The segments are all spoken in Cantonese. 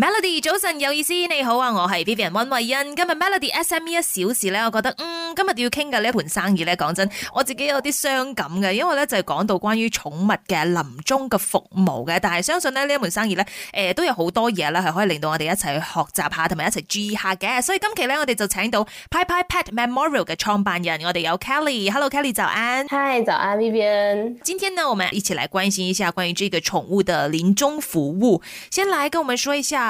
Melody 早晨有意思，你好啊，我係 Vivian 溫慧欣。今日 Melody SME 一小時咧，我覺得嗯，今日要傾嘅呢一盤生意咧，講真，我自己有啲傷感嘅，因為咧就係講到關於寵物嘅臨終嘅服務嘅，但係相信呢一盤生意咧，誒、呃，都有好多嘢咧係可以令到我哋一齊去學習下，同埋一齊注意下嘅。所以今期咧，我哋就請到 Pipipet Memorial 嘅創辦人，我哋有 Kelly。Hello Kelly，早安。Hi，早安，Vivian。今天呢，我們一起來關心一下關於呢個寵物的臨終服務。先來跟我們說一下。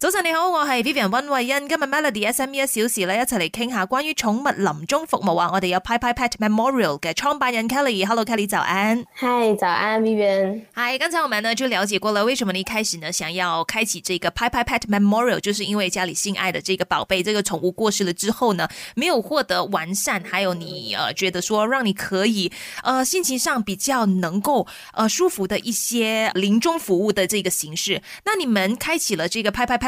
早晨你好，我係 Vivian 溫慧欣，今日 Melody SME 一小時咧，一齊嚟傾下關於寵物臨終服務啊！我哋有 Pipipet Memorial 嘅創辦人 Kelly，Hello Kelly，早安。Hi，早安 Vivian。Hi，剛才我們呢就了解過了，為什麼你一開始呢想要開啟這個 Pipipet Memorial，就是因為家裏心愛的這個寶貝，這個寵物過世了之後呢，沒有獲得完善，還有你，呃，覺得說讓你可以，呃，心情上比較能夠，呃，舒服的一些臨終服務的這個形式。那你們開啟了這個 Pipipet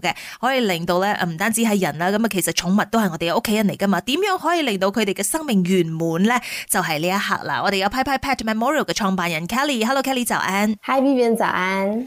嘅可以令到咧，唔單止係人啦，咁啊其實寵物都係我哋屋企人嚟噶嘛，點樣可以令到佢哋嘅生命圓滿咧？就係呢一刻啦！我哋有 Pi Pi Pet Memorial 嘅創辦人 Kelly，Hello Kelly，早安，Hi Vivian，早安。